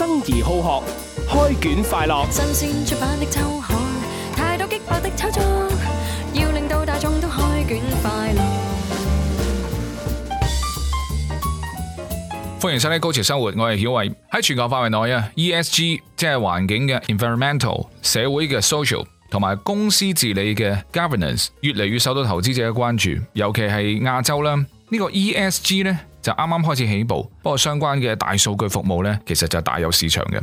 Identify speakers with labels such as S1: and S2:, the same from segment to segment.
S1: 生而好學，開卷快樂。新鮮出版的周刊，太多激爆的炒作，要令到大眾都開卷快樂。歡迎收睇《高潮生活》，我曉，我係曉偉。喺全球範圍內啊，ESG 即係環境嘅 （environmental）、社會嘅 （social） 同埋公司治理嘅 （governance） 越嚟越受到投資者嘅關注，尤其係亞洲啦。呢、呢個 ESG 呢？就啱啱開始起步，不過相關嘅大數據服務呢，其實就大有市場嘅。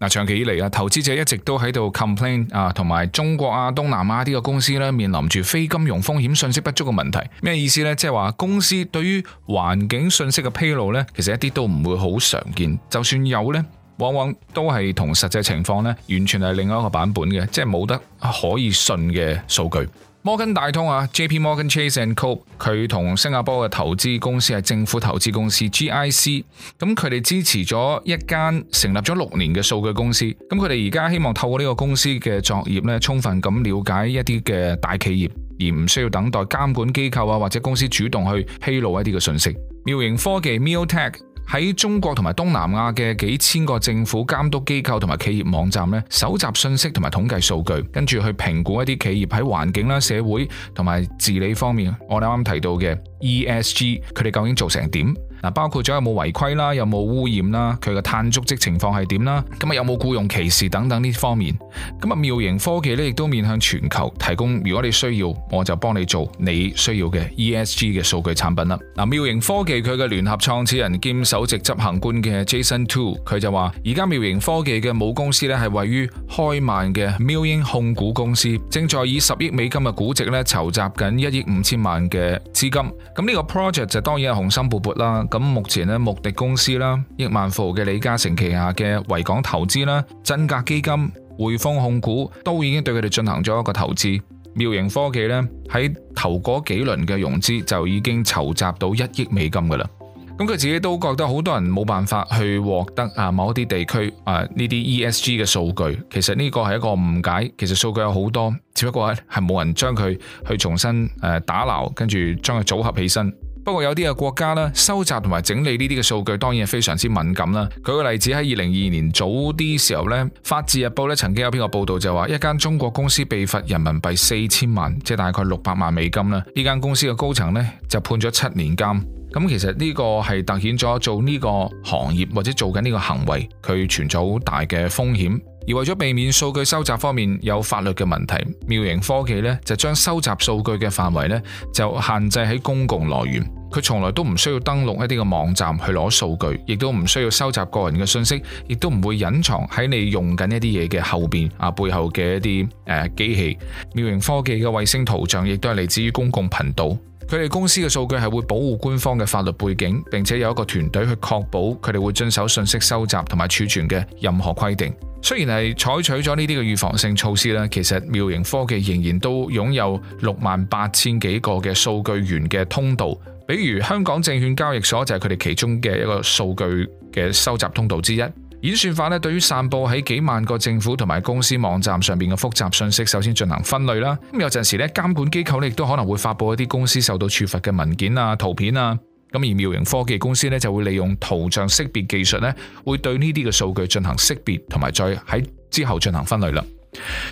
S1: 嗱，長期以嚟啊，投資者一直都喺度 complain 啊，同埋中國啊、東南亞啲嘅公司呢，面臨住非金融風險、信息不足嘅問題。咩意思呢？即係話公司對於環境信息嘅披露呢，其實一啲都唔會好常見。就算有呢，往往都係同實際情況呢，完全係另一個版本嘅，即係冇得可以信嘅數據。摩根大通啊，JP Morgan Chase and Co，佢同新加坡嘅投資公司係政府投資公司 GIC，咁佢哋支持咗一間成立咗六年嘅數據公司，咁佢哋而家希望透過呢個公司嘅作業呢，充分咁了解一啲嘅大企業，而唔需要等待監管機構啊或者公司主動去披露一啲嘅信息。妙盈科技 Mio Tech。喺中國同埋東南亞嘅幾千個政府監督機構同埋企業網站咧，搜集信息同埋統計數據，跟住去評估一啲企業喺環境啦、社會同埋治理方面，我哋啱啱提到嘅 ESG，佢哋究竟做成點？嗱，包括咗有冇違規啦，有冇污染啦，佢嘅碳足跡情況係點啦，咁啊有冇雇傭歧視等等呢方面，咁啊妙盈科技咧亦都面向全球提供，如果你需要，我就幫你做你需要嘅 ESG 嘅數據產品啦。嗱，妙盈科技佢嘅聯合創始人兼首席執行官嘅 Jason Tu，佢就話而家妙盈科技嘅母公司咧係位於開曼嘅妙盈控股公司，正在以十億美金嘅估值咧籌集緊一億五千萬嘅資金，咁、這、呢個 project 就當然係雄心勃勃啦。咁目前咧，穆迪公司啦，億萬富豪嘅李嘉誠旗下嘅維港投資啦，真格基金、匯豐控股都已經對佢哋進行咗一個投資。妙盈科技咧喺頭嗰幾輪嘅融資就已經籌集到一億美金噶啦。咁佢自己都覺得好多人冇辦法去獲得啊某一啲地區啊呢啲 ESG 嘅數據。其實呢個係一個誤解。其實數據有好多，只不過咧係冇人將佢去重新誒打撈，跟住將佢組合起身。不過有啲嘅國家咧，收集同埋整理呢啲嘅數據，當然係非常之敏感啦。舉個例子，喺二零二二年早啲時候呢，《法治日報》咧曾經有篇個報道就話，一間中國公司被罰人民幣四千萬，即係大概六百萬美金啦。呢間公司嘅高層呢就判咗七年監。咁其實呢個係凸顯咗做呢個行業或者做緊呢個行為，佢存在好大嘅風險。而為咗避免數據收集方面有法律嘅問題，妙盈科技呢就將收集數據嘅範圍呢就限制喺公共來源。佢從來都唔需要登錄一啲嘅網站去攞數據，亦都唔需要收集個人嘅信息，亦都唔會隱藏喺你用緊一啲嘢嘅後邊啊背後嘅一啲誒、呃、機器。妙盈科技嘅衛星圖像亦都係嚟自於公共頻道。佢哋公司嘅數據係會保護官方嘅法律背景，並且有一個團隊去確保佢哋會遵守信息收集同埋儲存嘅任何規定。雖然係採取咗呢啲嘅預防性措施啦，其實妙盈科技仍然都擁有六萬八千幾個嘅數據源嘅通道，比如香港證券交易所就係佢哋其中嘅一個數據嘅收集通道之一。演算法咧，對於散佈喺幾萬個政府同埋公司網站上邊嘅複雜信息，首先進行分類啦。咁有陣時咧，監管機構亦都可能會發布一啲公司受到處罰嘅文件啊、圖片啊。咁而妙盈科技公司咧就會利用圖像識別技術咧，會對呢啲嘅數據進行識別同埋再喺之後進行分類啦。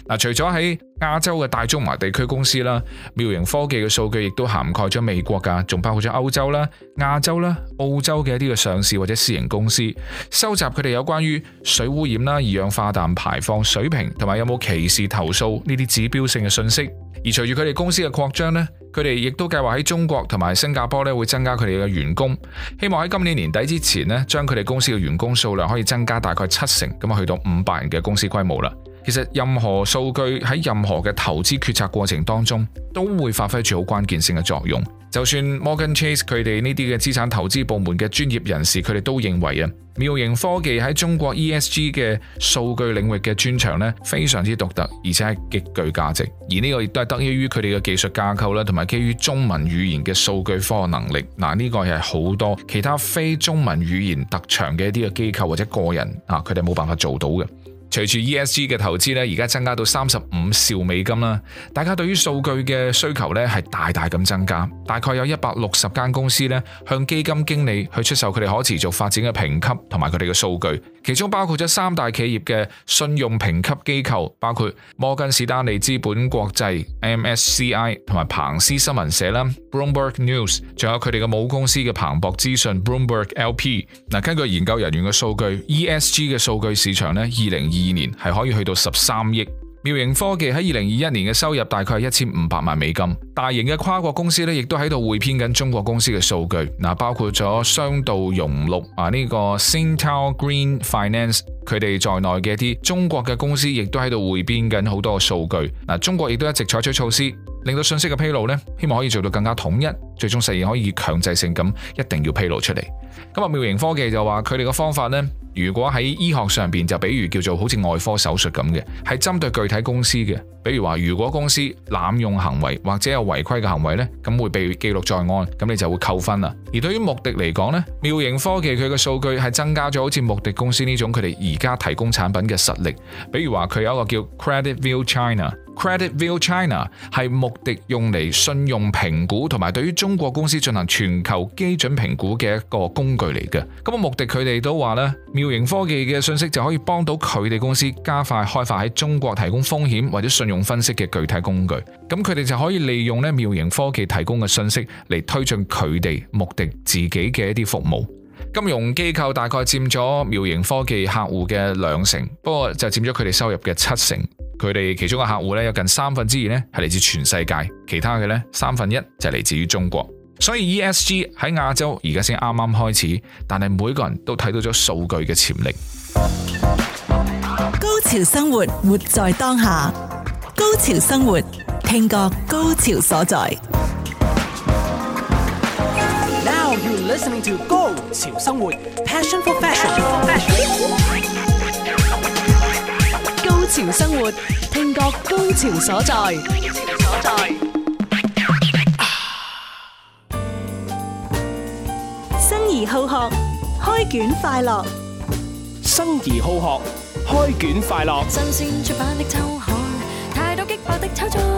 S1: 嗱，除咗喺亞洲嘅大中華地區公司啦，妙盈科技嘅數據亦都涵蓋咗美國㗎，仲包括咗歐洲啦、亞洲啦、澳洲嘅一啲嘅上市或者私營公司，收集佢哋有關於水污染啦、二氧化碳排放水平同埋有冇歧視投訴呢啲指標性嘅信息。而隨住佢哋公司嘅擴張咧。佢哋亦都計劃喺中國同埋新加坡咧，會增加佢哋嘅員工，希望喺今年年底之前咧，將佢哋公司嘅員工數量可以增加大概七成，咁啊去到五百人嘅公司規模啦。其實任何數據喺任何嘅投資決策過程當中，都會發揮住好關鍵性嘅作用。就算 Morgan Chase 佢哋呢啲嘅資產投資部門嘅專業人士，佢哋都認為啊，妙盈科技喺中國 ESG 嘅數據領域嘅專長咧，非常之獨特，而且係極具價值。而呢個亦都係得益於佢哋嘅技術架構啦，同埋基於中文語言嘅數據科學能力。嗱，呢個係好多其他非中文語言特長嘅一啲嘅機構或者個人啊，佢哋冇辦法做到嘅。隨住 ESG 嘅投資咧，而家增加到三十五兆美金啦。大家對於數據嘅需求咧係大大咁增加，大概有一百六十間公司咧向基金經理去出售佢哋可持續發展嘅評級同埋佢哋嘅數據，其中包括咗三大企業嘅信用評級機構，包括摩根士丹利資本國際 （MSCI） 同埋彭斯新聞社啦 （Bloomberg News），仲有佢哋嘅母公司嘅彭博資訊 （Bloomberg LP）。嗱，根據研究人員嘅數據，ESG 嘅數據市場咧，二零二二年係可以去到十三億。妙盈科技喺二零二一年嘅收入大概係一千五百萬美金。大型嘅跨國公司咧，亦都喺度匯編緊中國公司嘅數據。嗱，包括咗商道融綠啊呢個 SynTao Green Finance，佢哋在內嘅一啲中國嘅公司，亦都喺度匯編緊好多嘅數據。嗱，啊，中國亦都一直採取措施。令到信息嘅披露呢，希望可以做到更加統一，最終實現可以強制性咁一定要披露出嚟。咁啊，妙盈科技就話佢哋嘅方法呢，如果喺醫學上邊就比如叫做好似外科手術咁嘅，係針對具體公司嘅。比如話，如果公司濫用行為或者有違規嘅行為呢，咁會被記錄在案，咁你就會扣分啦。而對於穆迪嚟講呢，妙盈科技佢嘅數據係增加咗好似穆迪公司呢種佢哋而家提供產品嘅實力。比如話佢有一個叫 Credit View China。Creditview China 係穆迪用嚟信用評估，同埋對於中國公司進行全球基準評估嘅一個工具嚟嘅。咁啊，穆迪佢哋都話咧，妙盈科技嘅信息就可以幫到佢哋公司加快開發喺中國提供風險或者信用分析嘅具體工具。咁佢哋就可以利用咧妙盈科技提供嘅信息嚟推進佢哋穆迪自己嘅一啲服務。金融機構大概佔咗妙盈科技客戶嘅兩成，不過就佔咗佢哋收入嘅七成。佢哋其中嘅客戶咧，有近三分之二咧係嚟自全世界，其他嘅咧三分一就係嚟自於中國。所以 ESG 喺亞洲而家先啱啱開始，但係每個人都睇到咗數據嘅潛力。高潮生活，活在當下。高潮生活，聽過高潮所在。Now you're listening to 高潮生活，Passion for Fashion。潮生活，聽覺高潮所在。高潮所在。生而好學，開卷快樂。生而好學，開卷快樂。新鮮出版的秋刊，太多激爆的炒作。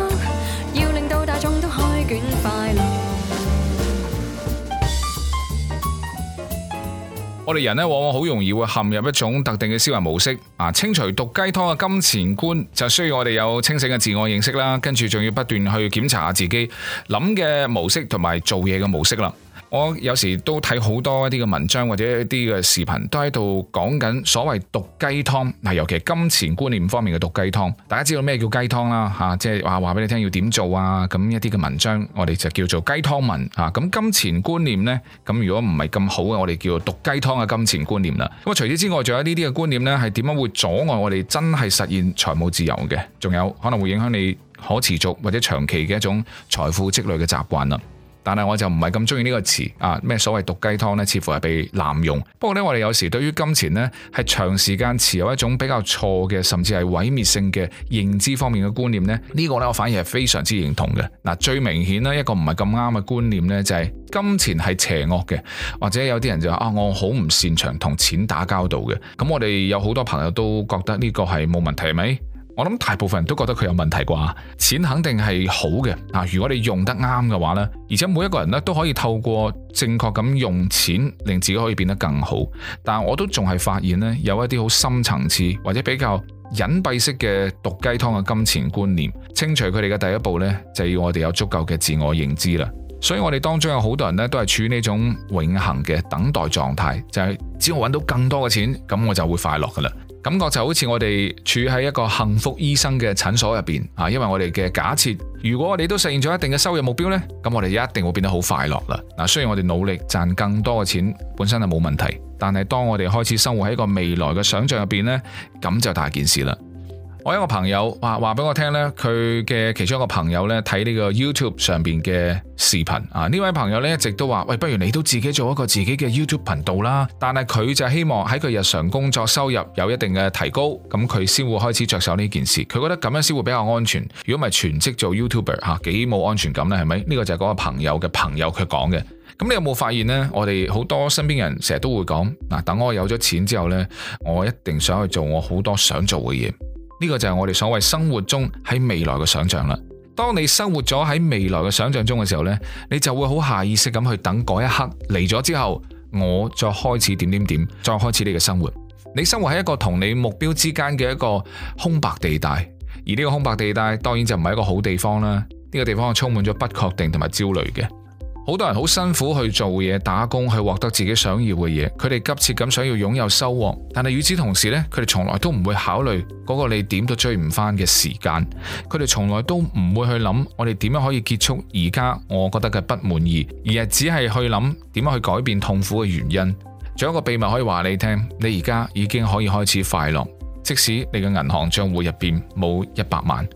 S1: 我哋人呢，往往好容易會陷入一種特定嘅思維模式啊！清除毒雞湯嘅金錢觀，就需要我哋有清醒嘅自我認識啦。跟住仲要不斷去檢查下自己諗嘅模式同埋做嘢嘅模式啦。我有時都睇好多一啲嘅文章或者一啲嘅視頻，都喺度講緊所謂毒雞湯。嗱，尤其係金錢觀念方面嘅毒雞湯。大家知道咩叫雞湯啦？嚇，即係話話俾你聽要點做啊？咁一啲嘅文章，我哋就叫做雞湯文。嚇，咁金錢觀念呢，咁如果唔係咁好嘅，我哋叫做毒雞湯嘅金錢觀念啦。咁啊，除此之外，仲有呢啲嘅觀念呢，係點樣會阻礙我哋真係實現財務自由嘅？仲有可能會影響你可持續或者長期嘅一種財富積累嘅習慣啦。但係我就唔係咁中意呢個詞啊，咩所謂毒雞湯呢，似乎係被濫用。不過呢，我哋有時對於金錢呢，係長時間持有一種比較錯嘅，甚至係毀滅性嘅認知方面嘅觀念呢，呢個呢，我反而係非常之認同嘅。嗱，啊，最明顯呢，一個唔係咁啱嘅觀念呢，就係金錢係邪惡嘅，或者有啲人就話啊，我好唔擅長同錢打交道嘅。咁我哋有好多朋友都覺得呢個係冇問題，係咪？我諗大部分人都覺得佢有問題啩，錢肯定係好嘅。嗱，如果你用得啱嘅話咧，而且每一個人咧都可以透過正確咁用錢，令自己可以變得更好。但我都仲係發現咧，有一啲好深層次或者比較隱蔽式嘅毒雞湯嘅金錢觀念。清除佢哋嘅第一步呢，就要我哋有足夠嘅自我認知啦。所以我哋當中有好多人呢，都係處於呢種永恆嘅等待狀態，就係只要揾到更多嘅錢，咁我就會快樂噶啦。感覺就好似我哋處喺一個幸福醫生嘅診所入邊啊，因為我哋嘅假設，如果我哋都實現咗一定嘅收入目標呢，咁我哋一定會變得好快樂啦。嗱，雖然我哋努力賺更多嘅錢本身係冇問題，但係當我哋開始生活喺一個未來嘅想象入邊呢，咁就大件事啦。我有一個朋友話話俾我聽呢，佢嘅其中一個朋友呢，睇呢個 YouTube 上邊嘅視頻啊，呢位朋友呢一直都話喂，不如你都自己做一個自己嘅 YouTube 頻道啦。但係佢就希望喺佢日常工作收入有一定嘅提高，咁佢先會開始着手呢件事。佢覺得咁樣先會比較安全。如果唔係全職做 YouTuber 吓，啊，幾冇安全感呢，係咪？呢，這個就係嗰個朋友嘅朋友佢講嘅。咁你有冇發現呢？我哋好多身邊人成日都會講嗱，啊，等我有咗錢之後呢，我一定想去做我好多想做嘅嘢。呢個就係我哋所謂生活中喺未來嘅想象啦。當你生活咗喺未來嘅想象中嘅時候呢，你就會好下意識咁去等嗰一刻嚟咗之後，我再開始點點點，再開始你嘅生活。你生活喺一個同你目標之間嘅一個空白地帶，而呢個空白地帶當然就唔係一個好地方啦。呢個地方充滿咗不確定同埋焦慮嘅。好多人好辛苦去做嘢、打工去獲得自己想要嘅嘢，佢哋急切咁想要擁有收穫，但係與此同時咧，佢哋從來都唔會考慮嗰個你點都追唔返嘅時間，佢哋從來都唔會去諗我哋點樣可以結束而家我覺得嘅不滿意，而係只係去諗點樣去改變痛苦嘅原因。仲有一個秘密可以話你聽，你而家已經可以開始快樂，即使你嘅銀行賬戶入邊冇一百萬。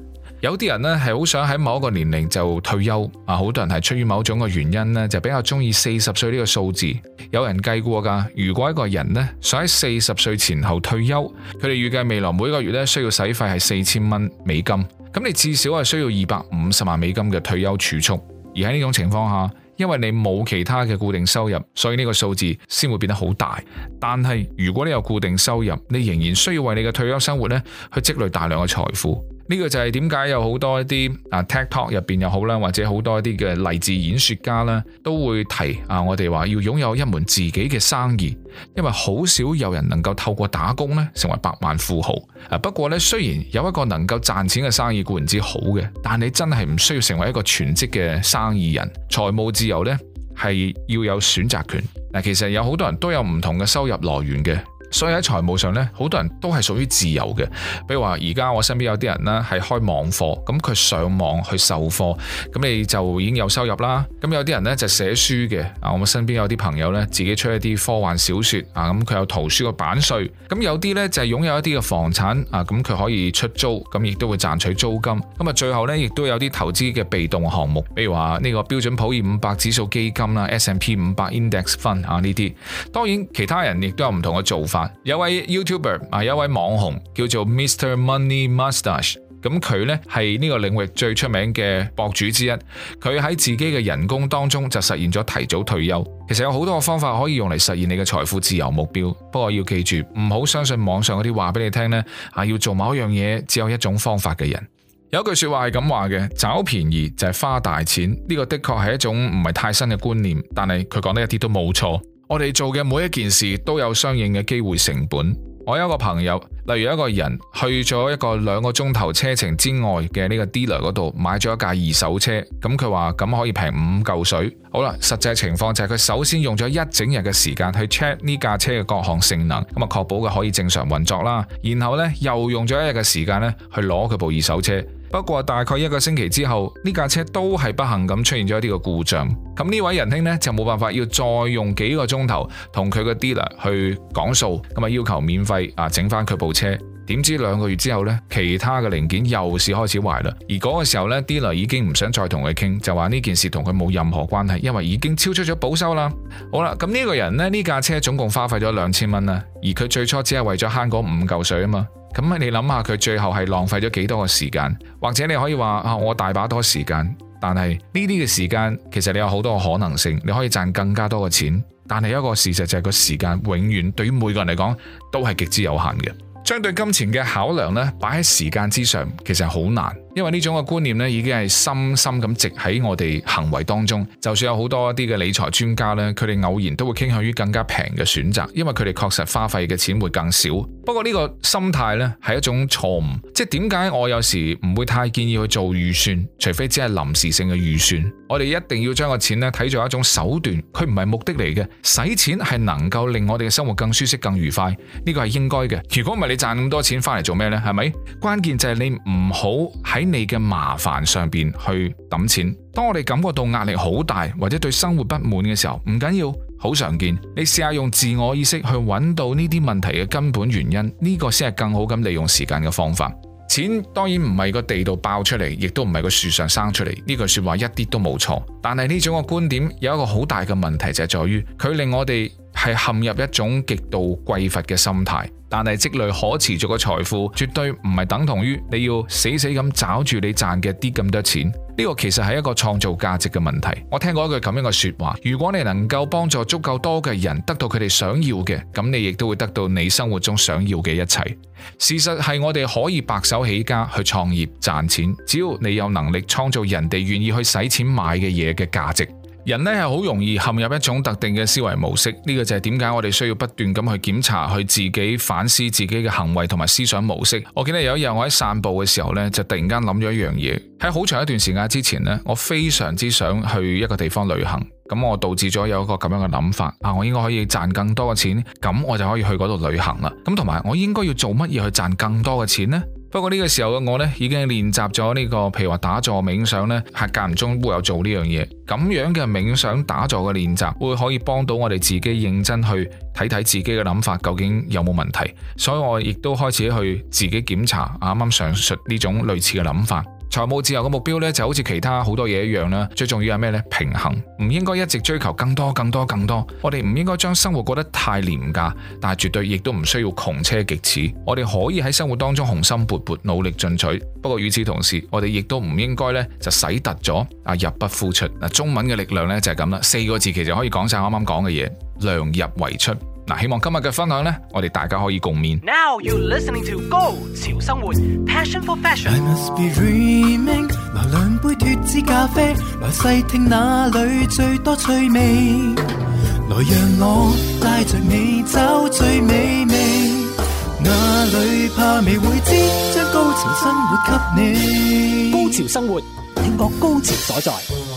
S1: 有啲人呢，係好想喺某一個年齡就退休啊！好多人係出於某種嘅原因呢，就比較中意四十歲呢個數字。有人計過噶，如果一個人呢，想喺四十歲前後退休，佢哋預計未來每個月呢，需要使費係四千蚊美金。咁你至少係需要二百五十萬美金嘅退休儲蓄。而喺呢種情況下，因為你冇其他嘅固定收入，所以呢個數字先會變得好大。但係如果你有固定收入，你仍然需要為你嘅退休生活呢，去積累大量嘅財富。呢個就係點解有好多一啲啊 TikTok 入邊又好啦，或者好多一啲嘅勵志演說家啦，都會提啊，我哋話要擁有一門自己嘅生意，因為好少有人能夠透過打工咧，成為百萬富豪。啊，不過呢，雖然有一個能夠賺錢嘅生意固然之好嘅，但你真係唔需要成為一個全職嘅生意人。財務自由呢係要有選擇權。嗱，啊，其實有好多人都有唔同嘅收入來源嘅。所以喺財務上咧，好多人都係屬於自由嘅。比如話，而家我身邊有啲人啦，係開網課，咁佢上網去授課，咁你就已經有收入啦。咁有啲人呢就寫書嘅，啊，我身邊有啲朋友呢自己出一啲科幻小説，啊，咁佢有圖書嘅版稅。咁有啲呢就係擁有一啲嘅房產，啊，咁佢可以出租，咁亦都會賺取租金。咁啊，最後呢，亦都有啲投資嘅被動項目，比如話呢個標準普爾五百指數基金啦、S&P 五百 index fund 啊呢啲。當然其他人亦都有唔同嘅做法。有位 YouTuber 啊，有一位網紅叫做 Mr Money Mustache，咁佢呢係呢個領域最出名嘅博主之一。佢喺自己嘅人工當中就實現咗提早退休。其實有好多方法可以用嚟實現你嘅財富自由目標。不過要記住，唔好相信網上嗰啲話俾你聽呢啊，要做某一樣嘢只有一種方法嘅人。有句說話係咁話嘅，找便宜就係花大錢。呢個的確係一種唔係太新嘅觀念，但係佢講得一啲都冇錯。我哋做嘅每一件事都有相應嘅機會成本。我有一個朋友，例如一個人去咗一個兩個鐘頭車程之外嘅呢個 dealer 嗰度買咗一架二手車，咁佢話咁可以平五嚿水。好啦，實際情況就係佢首先用咗一整日嘅時間去 check 呢架車嘅各項性能，咁、嗯、啊確保佢可以正常運作啦。然後呢，又用咗一日嘅時間呢去攞佢部二手車。不過大概一個星期之後，呢架車都係不幸咁出現咗一啲個故障。咁呢位仁兄呢，就冇辦法要再用幾個鐘頭同佢個 dealer 去講數，咁啊要求免費啊整翻佢部車。點知兩個月之後呢，其他嘅零件又是開始壞啦。而嗰個時候呢，dealer 已經唔想再同佢傾，就話呢件事同佢冇任何關係，因為已經超出咗保修啦。好啦，咁呢個人呢，呢架車總共花費咗兩千蚊啦，而佢最初只係為咗慳嗰五嚿水啊嘛。咁你諗下佢，最後係浪費咗幾多嘅時間，或者你可以話啊，我大把多時間，但係呢啲嘅時間，其實你有好多嘅可能性，你可以賺更加多嘅錢，但係一個事實就係個時間永遠對於每個人嚟講都係極之有限嘅，將對金錢嘅考量咧擺喺時間之上，其實係好難。因為呢種嘅觀念咧，已經係深深咁植喺我哋行為當中。就算有好多一啲嘅理財專家呢，佢哋偶然都會傾向於更加平嘅選擇，因為佢哋確實花費嘅錢會更少。不過呢個心態呢係一種錯誤，即係點解我有時唔會太建議去做預算，除非只係臨時性嘅預算。我哋一定要將個錢咧睇作一種手段，佢唔係目的嚟嘅。使錢係能夠令我哋嘅生活更舒適、更愉快，呢個係應該嘅。如果唔係，你賺咁多錢翻嚟做咩呢？係咪？關鍵就係你唔好喺。喺你嘅麻煩上邊去揼錢，當我哋感覺到壓力好大或者對生活不滿嘅時候，唔緊要，好常見。你試下用自我意識去揾到呢啲問題嘅根本原因，呢個先係更好咁利用時間嘅方法。錢當然唔係個地度爆出嚟，亦都唔係個樹上生出嚟，呢句說話一啲都冇錯。但係呢種個觀點有一個好大嘅問題，就係在於佢令我哋。係陷入一種極度匱乏嘅心態，但係積累可持續嘅財富，絕對唔係等同於你要死死咁抓住你賺嘅啲咁多錢。呢個其實係一個創造價值嘅問題。我聽過一句咁樣嘅說話：如果你能夠幫助足夠多嘅人得到佢哋想要嘅，咁你亦都會得到你生活中想要嘅一切。事實係我哋可以白手起家去創業賺錢，只要你有能力創造人哋願意去使錢買嘅嘢嘅價值。人呢係好容易陷入一種特定嘅思維模式，呢個就係點解我哋需要不斷咁去檢查，去自己反思自己嘅行為同埋思想模式。我記得有一日我喺散步嘅時候呢，就突然間諗咗一樣嘢。喺好長一段時間之前呢，我非常之想去一個地方旅行，咁我導致咗有一個咁樣嘅諗法啊，我應該可以賺更多嘅錢，咁我就可以去嗰度旅行啦。咁同埋我應該要做乜嘢去賺更多嘅錢呢？不過呢個時候嘅我呢，已經練習咗呢個，譬如話打坐冥想咧，係間唔中會有做呢樣嘢。咁樣嘅冥想打坐嘅練習，會可以幫到我哋自己認真去睇睇，自己嘅諗法究竟有冇問題。所以我亦都開始去自己檢查，啱啱上述呢種類似嘅諗法。財務自由嘅目標咧，就好似其他好多嘢一樣啦。最重要係咩呢？平衡，唔應該一直追求更多、更多、更多。我哋唔應該將生活過得太廉價，但係絕對亦都唔需要窮奢極侈。我哋可以喺生活當中雄心勃勃、努力進取，不過與此同時，我哋亦都唔應該呢，就使突咗啊，入不敷出。嗱，中文嘅力量呢，就係咁啦，四個字其實可以講晒啱啱講嘅嘢，量入為出。嗱，希望今日嘅分享呢，我哋大家可以共勉。Now you listening to 高潮生活，passion for fashion。I must be dreaming。來兩杯脫脂咖啡，來細聽哪裏最多趣味。來讓我帶着你找最美味，哪裏怕未會知，將高潮生活給你。高潮生活，聽覺高潮所在。